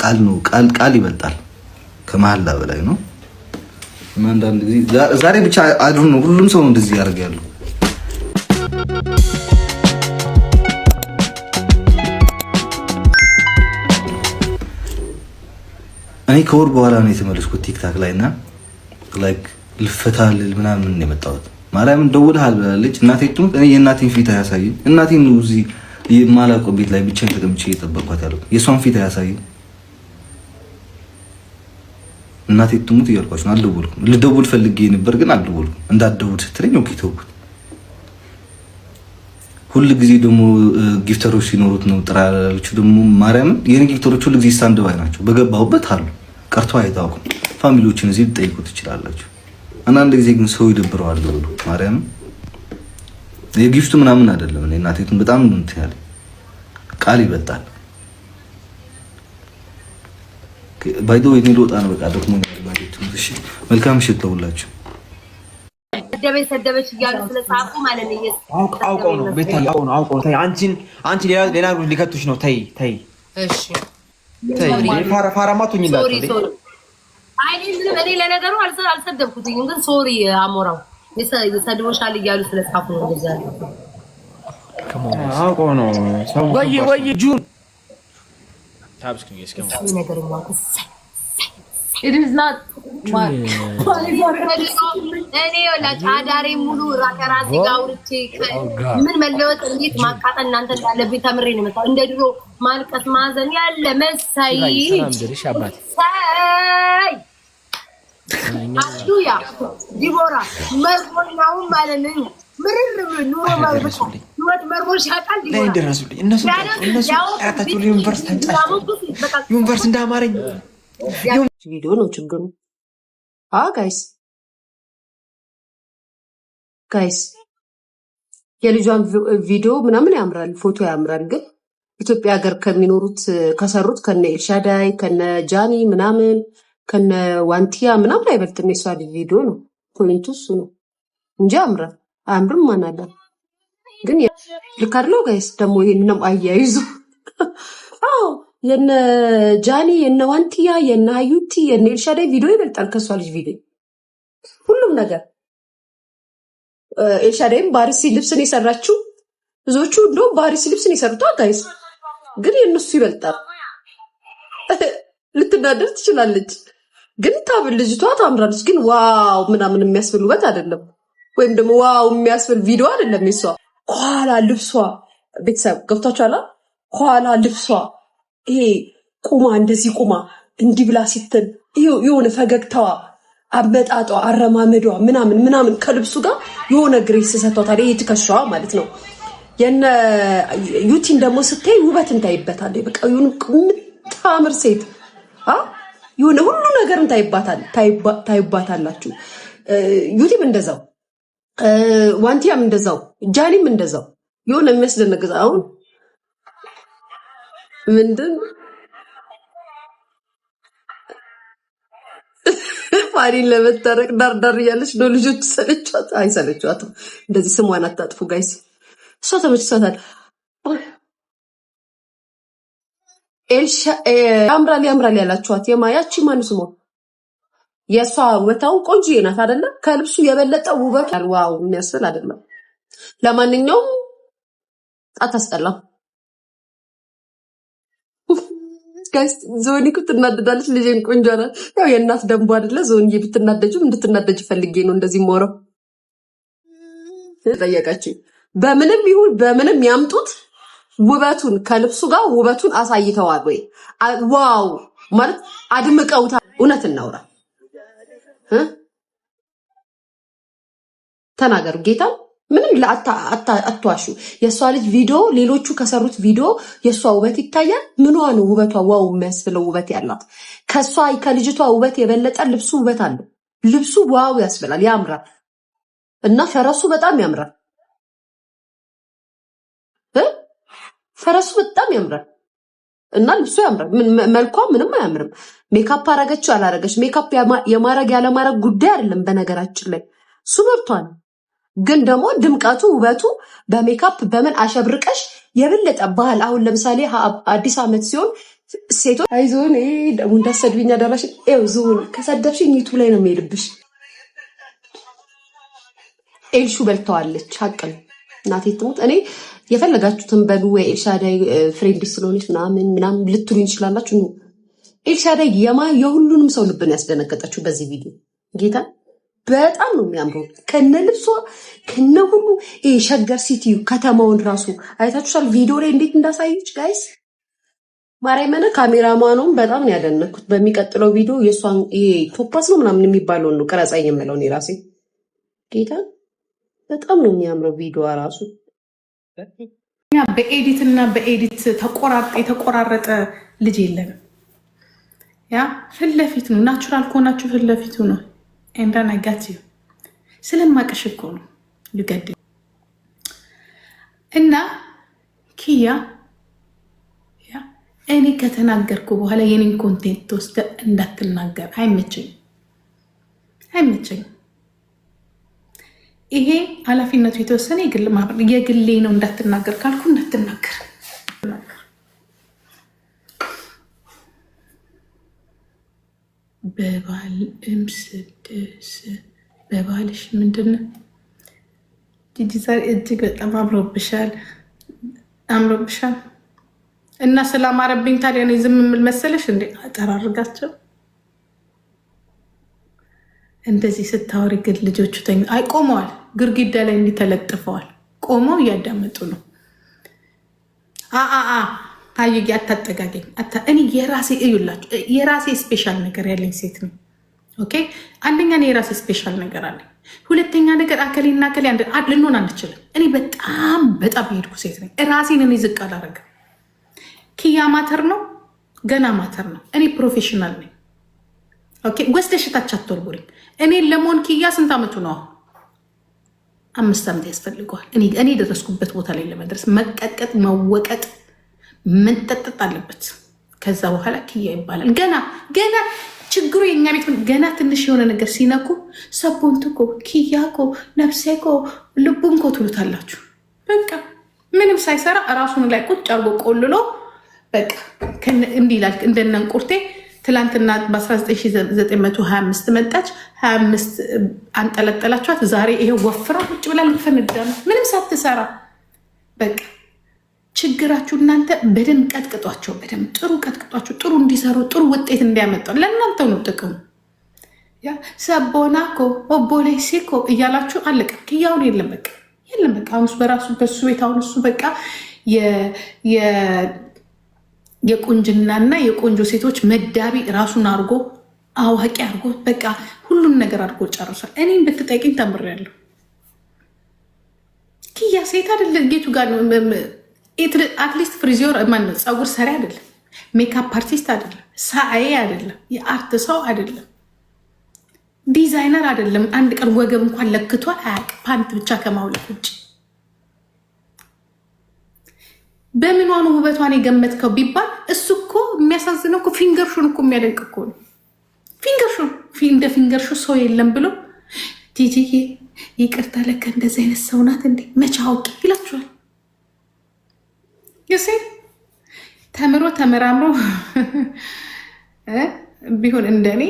ቃል ነው ቃል ቃል ይበልጣል ከመሀላ በላይ ነው። እና አንዳንድ ጊዜ ዛሬ ብቻ አድሩ ነው ሁሉም ሰው እንደዚህ ያደርግ ያለው እኔ ከወር በኋላ ነው የተመለስኩት ቲክታክ ላይ እና ላይክ ልፈታልል ምናምን የመጣሁት ማርያምን ደውልሃል ብላለች። እናቴ ትሙት እኔ የእናቴን ፊት አያሳየኝ እናቴን እዚህ የማላውቀው ቤት ላይ ብቻ ተቀምጬ እየጠበቅኳት ያለው የእሷን ፊት አያሳይም። እናቴ ትሙት እያልኳች ነው። አልደወልኩም። ልደውል ፈልጌ ነበር ግን አልደወልኩም። እንዳትደውል ስትለኝ ኦኬ ተውኩት። ሁል ጊዜ ደግሞ ጊፍተሮች ሲኖሩት ነው ጥራ ያለችው። ደግሞ ማርያምን የኔ ጊፍተሮች ሁል ጊዜ ስታንድ ባይ ናቸው። በገባሁበት አሉ ቀርቶ አይታወቁም። ፋሚሊዎችን እዚህ ልጠይቁ ትችላላችሁ። አንዳንድ ጊዜ ግን ሰው ይደብረዋል ብሎ ማርያምን የጊፍቱ ምናምን አይደለም። እኔ እናቴቱን በጣም እንትን ያለ ቃል ይበልጣል። ባይ ዘ ወይ እኔ ልወጣ ነው። በቃ ደግሞ መልካም ነው። ነው። አንቺን አንቺ ሌላ ሌላ ሊከቱሽ ነው። ተይ ተይ፣ እሺ አይ እኔ ለነገሩ አልሰደብኩትኝም፣ ግን ሶሪ አሞራው ይሰድቦሻል እያሉ ስለጻፉ ነው እንደዛ አውቆ ነው ወይ ወይ ጁን ምን መለወጥ እንዴት ማቃጠል እናንተ እንዳለብኝ ተምሬ ነው እንደ ድሮ ማልቀስ ማዘን ያለ መሳይ አሉያ ዲቦራ መርቦናውን ማለት ነው። ምርር ኑሮ መርቦሻ ህይወት መርቦሻ ቃል ዲቦራ ደረሱልኝ። እነሱ እነሱ አያታችሁ ዩኒቨርስ ተንጫችሁ ዩኒቨርስ እንዳማረኝ አማረኝ ቪዲዮ ነው ችግሩ። አዎ ጋይስ ጋይስ የልጇን ቪዲዮ ምናምን ያምራል፣ ፎቶ ያምራል። ግን ኢትዮጵያ ሀገር ከሚኖሩት ከሰሩት ከነ ኤልሻዳይ ከነ ጃኒ ምናምን ከነ ዋንቲያ ምናምን አይበልጥም። የሷ ቪዲዮ ነው ፖይንቱ እሱ ነው እንጂ አምረ አያምርም ማናለን ግን ልክ አይደለው ጋይስ? ደግሞ ይህንንም አያይዙ አዎ የነ ጃኒ የነ ዋንቲያ የነ አዩቲ የነ ኤልሻዳይ ቪዲዮ ይበልጣል ከእሷ ልጅ ቪዲዮ ሁሉም ነገር። ኤልሻዳይም ባሪሲ ልብስን የሰራችው ብዙዎቹ እንደውም ባሪሲ ልብስን የሰሩታ ጋይስ፣ ግን የእነሱ ይበልጣል። ልትናደር ትችላለች። ግን ታብል ልጅቷ ታምራለች። ግን ዋው ምናምን የሚያስብል ውበት አይደለም፣ ወይም ደግሞ ዋው የሚያስብል ቪዲዮ አይደለም። የሷ ከኋላ ልብሷ ቤተሰብ ገብቷችኋል? ከኋላ ልብሷ ይሄ ቁማ እንደዚህ ቁማ እንዲህ ብላ ሲትል የሆነ ፈገግታዋ፣ አመጣጧ፣ አረማመዷ ምናምን ምናምን ከልብሱ ጋር የሆነ ግሬስ ሰጥቷታል። ይሄ ትከሻዋ ማለት ነው። የነ ዩቲን ደግሞ ስታይ ውበት እንታይበታለ። በቃ የሆነ የምታምር ሴት የሆነ ሁሉ ነገርን ታይባታላችሁ። ዩቲብ እንደዛው፣ ዋንቲያም እንደዛው፣ ጃኒም እንደዛው። የሆነ የሚያስደነግጥ አሁን ምንድን ፋኒን ለመታረቅ ዳርዳር እያለች ነው። ልጆች ሰለቿት አይሰለቿትም። እንደዚህ ስሟን አታጥፉ ጋይስ። እሷ ተመችቷታል። ያምራል ያምራል ያላችኋት የማያች ማን ስሞ የእሷ ውበታውን ቆንጆ ናት አደለ? ከልብሱ የበለጠ ውበቱ ዋው የሚያስብል አደለም። ለማንኛውም አታስጠላም ጋይስ። ዞኒ ብትናደዳለች ትናደዳለች። ልጄን ቆንጆ ናት። ያው የእናት ደንቡ አደለ? ዞኒ ብትናደጅም እንድትናደጅ ፈልጌ ነው እንደዚህ የማወራው። ጠየቃችኝ። በምንም ይሁን በምንም ያምጡት ውበቱን ከልብሱ ጋር ውበቱን አሳይተዋል ወይ? ዋው ማለት አድምቀውታል። እውነት እናውራ፣ ተናገሩ ጌታ ምንም አትዋሹ። የእሷ ልጅ ቪዲዮ ሌሎቹ ከሰሩት ቪዲዮ የእሷ ውበት ይታያል። ምኗ ነው ውበቷ? ዋው የሚያስብለው ውበት ያላት ከእሷ ከልጅቷ ውበት የበለጠ ልብሱ ውበት አለው። ልብሱ ዋው ያስብላል፣ ያምራል። እና ፈረሱ በጣም ያምራል። ፈረሱ በጣም ያምራል እና ልብሱ ያምራል። መልኳ ምንም አያምርም። ሜካፕ አረገችው አላረገች፣ ሜካፕ የማረግ ያለማረግ ጉዳይ አይደለም። በነገራችን ላይ እሱ መብቷ ነው። ግን ደግሞ ድምቀቱ፣ ውበቱ በሜካፕ በምን አሸብርቀሽ የበለጠ ባህል አሁን ለምሳሌ አዲስ ዓመት ሲሆን ሴቶች አይዞን እንዳሰድብኛ ደራሽ ዞን ከሰደብሽኝ ዩቱ ላይ ነው የሚሄድብሽ። ኤልሹ በልተዋለች። ሀቅ ነው። እናቴ ትሙት እኔ የፈለጋችሁትን በሉ ወይ ኤልሻዳይ ፍሬንድ ስለሆነች ምናምን ምናምን ልትሉ ይችላላችሁ። ኤልሻዳይ የማ የሁሉንም ሰው ልብን ያስደነገጠችው በዚህ ቪዲዮ ጌታ በጣም ነው የሚያምረው። ከነ ልብሷ ከነ ሁሉ ሸገር ሲቲ ከተማውን ራሱ አይታችሁታል ቪዲዮ ላይ እንዴት እንዳሳየች ጋይስ። መነ ካሜራማኑም በጣም ነው ያደነኩት። በሚቀጥለው ቪዲዮ የእሷን ቶፓስ ነው ምናምን የሚባለውን ነው ቅረጻ የምለውን ራሴ ጌታ በጣም ነው የሚያምረው ቪዲዮ ራሱ በኤዲት እና በኤዲት ተቆራርጠ የተቆራረጠ ልጅ የለንም። ያ ነው። ናቹራል ከሆናችሁ ነው። ኤንዳን ስለማቅሽ እኮ ነው ልገድ እና ኪያ እኔ ከተናገርኩ በኋላ የኔን ኮንቴንት ወስደ እንዳትናገር አይመቸኝም፣ አይመቸኝም ይሄ ኃላፊነቱ የተወሰነ የግል ማህበር የግሌ ነው እንዳትናገር ካልኩ እንዳትናገር። በባልም ስድስ በባልሽ ምንድን ጂጂ ዛሬ እጅግ በጣም አምሮብሻል አምሮብሻል። እና ስላማረብኝ ታዲያ ነው ዝም የምል መሰለሽ እንዴ? አጠራርጋቸው እንደዚህ ስታወሪ ግን ልጆቹ አይ ቆመዋል፣ ግርግዳ ላይ እንዲተለጥፈዋል ቆመው እያዳመጡ ነው። አአአ አዩ አታጠጋገኝ። እኔ የራሴ እዩላችሁ፣ የራሴ ስፔሻል ነገር ያለኝ ሴት ነው። ኦኬ አንደኛ እኔ የራሴ ስፔሻል ነገር አለኝ። ሁለተኛ ነገር አከሌ እና አከሌ ልንሆን አንችልም። እኔ በጣም በጣም የሄድኩ ሴት ነኝ። ራሴን እኔ ዝቅ አላረግም። ኪያ ማተር ነው፣ ገና ማተር ነው። እኔ ፕሮፌሽናል ነኝ። ወስደሽ ታች አትወርቡሪ። እኔ ለመሆን ኪያ ስንት አመቱ ነው? አምስት ዓመት ያስፈልገዋል። እኔ የደረስኩበት ቦታ ላይ ለመድረስ መቀጥቀጥ፣ መወቀጥ፣ መንጠጠጥ አለበት። ከዛ በኋላ ኪያ ይባላል። ገና ገና ችግሩ የኛ ቤት ገና ትንሽ የሆነ ነገር ሲነኩ ሰቦንትኮ ኪያኮ ነፍሴኮ ልቡንኮ ትሉታላችሁ። በቃ ምንም ሳይሰራ እራሱን ላይ ቁጭ አርጎ ቆልሎ በቃ እንዲህ ይላል እንደነን ቁርቴ ትላንትና በ1925 መጣች፣ 25 አንጠለጠላችኋት። ዛሬ ይሄ ወፍራ ቁጭ ብላ ልትፈነዳ ነው ምንም ሳትሰራ። በቃ ችግራችሁ እናንተ በደንብ ቀጥቅጧቸው፣ በደንብ ጥሩ ቀጥቅጧቸው፣ ጥሩ እንዲሰሩ፣ ጥሩ ውጤት እንዲያመጣ ለእናንተ ነው ጥቅሙ። ሰቦናኮ ኦቦሌሲኮ እያላችሁ አለቀ። ክያውን የለም በቃ የለም በቃ አሁን በራሱ በሱ ቤት አሁን እሱ በቃ የቁንጅናና የቆንጆ ሴቶች መዳቢ ራሱን አድርጎ አዋቂ አድርጎ በቃ ሁሉን ነገር አድርጎ ጨርሷል። እኔም ብትጠይቅኝ ተምሬያለሁ። ክያ ሴት አደለ ጌቱ ጋር አትሊስት ፍሪዚዮር ማነው ፀጉር ሰሪ አይደለም፣ ሜካፕ አርቲስት አይደለም፣ ሳአዬ አይደለም፣ የአርት ሰው አደለም፣ ዲዛይነር አይደለም። አንድ ቀን ወገብ እንኳን ለክቷል አያውቅም ፓንት ብቻ ከማውለቅ ውጭ በምኗኑ ውበቷን የገመትከው ቢባል እሱ እኮ የሚያሳዝነው እኮ ፊንገርሹን እኮ የሚያደንቅ እኮ ነው። ፊንገር እንደ ፊንገርሹ ሰው የለም ብሎ ቲጂዬ ይቅርታ፣ ለከ እንደዚህ አይነት ሰው ናት እንዴ መቼ አውቂ ይላችኋል። ዩሴ ተምሮ ተመራምሮ ቢሆን እንደኔ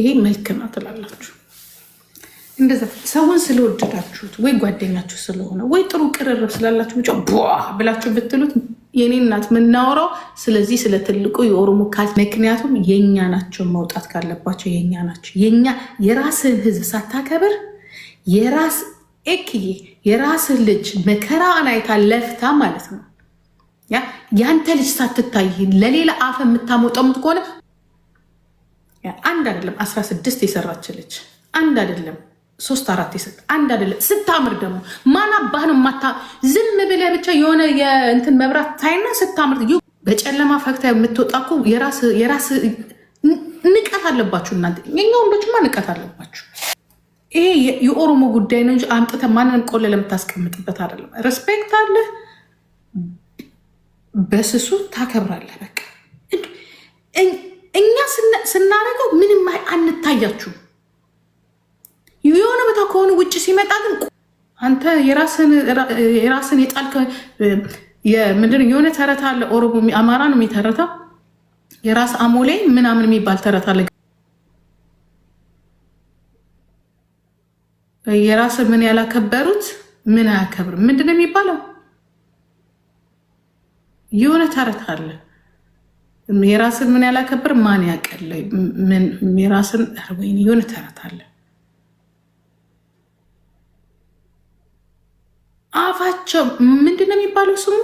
ይሄ መልክ ነው ትላላችሁ። እንደዛ ሰውን ስለወደዳችሁት ወይ ጓደኛችሁ ስለሆነ ወይ ጥሩ ቅርርብ ስላላችሁ ብቻ ቧ ብላችሁ ብትሉት የኔ እናት የምናወራው ስለዚህ ስለ ትልቁ የኦሮሞ ካል ምክንያቱም የእኛ ናቸው። መውጣት ካለባቸው የኛ ናቸው። የኛ የራስህን ህዝብ ሳታከብር የራስ ኤክዬ የራስህ ልጅ መከራ አይታ ለፍታ ማለት ነው። ያንተ ልጅ ሳትታይ ለሌላ አፍ የምታሞጠሙት ከሆነ አንድ አይደለም አስራ ስድስት የሰራች ልጅ አንድ አይደለም ሶስት አራት ይሰጥ አንድ አይደለም። ስታምር ደግሞ ማን አባህ ነው ማታ ዝም ብለ ብቻ የሆነ የእንትን መብራት ታይና ስታምር በጨለማ ፈክታ የምትወጣ እኮ የራስ ንቀት አለባችሁ እናንተ። የኛ ወንዶችማ ንቀት አለባችሁ። ይሄ የኦሮሞ ጉዳይ ነው እንጂ አምጥተ ማንንም ቆለ ለምታስቀምጥበት አይደለም። ሬስፔክት አለ፣ በስሱ ታከብራለህ። በቃ እኛ ስናረገው ምንም አንታያችሁም። የሆነ ቦታ ከሆነ ውጭ ሲመጣ ግን አንተ የራስን የጣልከ ምንድን የሆነ ተረት አለ። ኦሮሞ አማራ ነው የሚተረታ የራስ አሞሌ ምናምን የሚባል ተረት አለ። የራስ ምን ያላከበሩት ምን አያከብርም። ምንድን ነው የሚባለው? የሆነ ተረት አለ። የራስን ምን ያላከብር ማን ያቀለ የራስን የሆነ ተረት አለ። እሳቸው ምንድን ነው የሚባለው ስሙ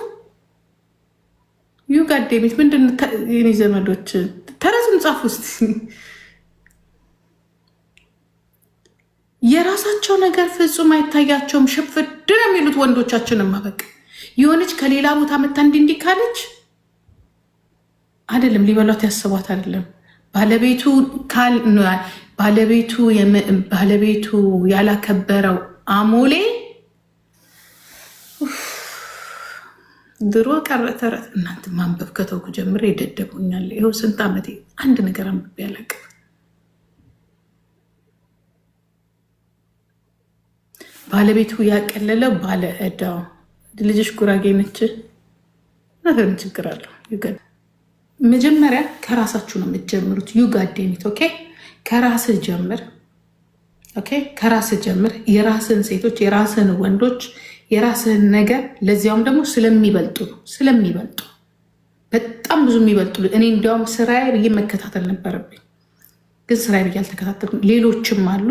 ዩጋዴሚት ምንድን የኔ ዘመዶች ተረዝም ጻፍ ውስጥ የራሳቸው ነገር ፍጹም አይታያቸውም። ሽፍድ ነው የሚሉት ወንዶቻችን ማበቅ የሆነች ከሌላ ቦታ መታ እንዲህ እንዲህ ካለች አይደለም ሊበሏት ያስቧት አይደለም ባለቤቱ ባለቤቱ ያላከበረው አሞሌ ድሮ ቀረ ተረት። እናንተ ማንበብ ከተውኩ ጀምሬ የደደቡኛል። ይኸው ስንት ዓመቴ አንድ ነገር አንብቤ አላውቅም። ባለቤቱ ያቀለለው ባለ እዳው ልጅሽ ጉራጌ ነች ነትን ችግር አለው። መጀመሪያ ከራሳችሁ ነው የምትጀምሩት። ዩጋዴሚት ኦኬ። ከራስህ ጀምር፣ ኦኬ። ከራስህ ጀምር። የራስህን ሴቶች የራስህን ወንዶች የራስህን ነገር ለዚያውም ደግሞ ስለሚበልጡ ስለሚበልጡ በጣም ብዙ የሚበልጡ እኔ እንዲያውም ስራዬ ብዬ መከታተል ነበረብኝ፣ ግን ስራዬ ብዬ አልተከታተልኩም። ሌሎችም አሉ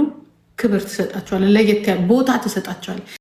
ክብር ትሰጣቸዋለህ፣ ለየት ቦታ ትሰጣቸዋለህ።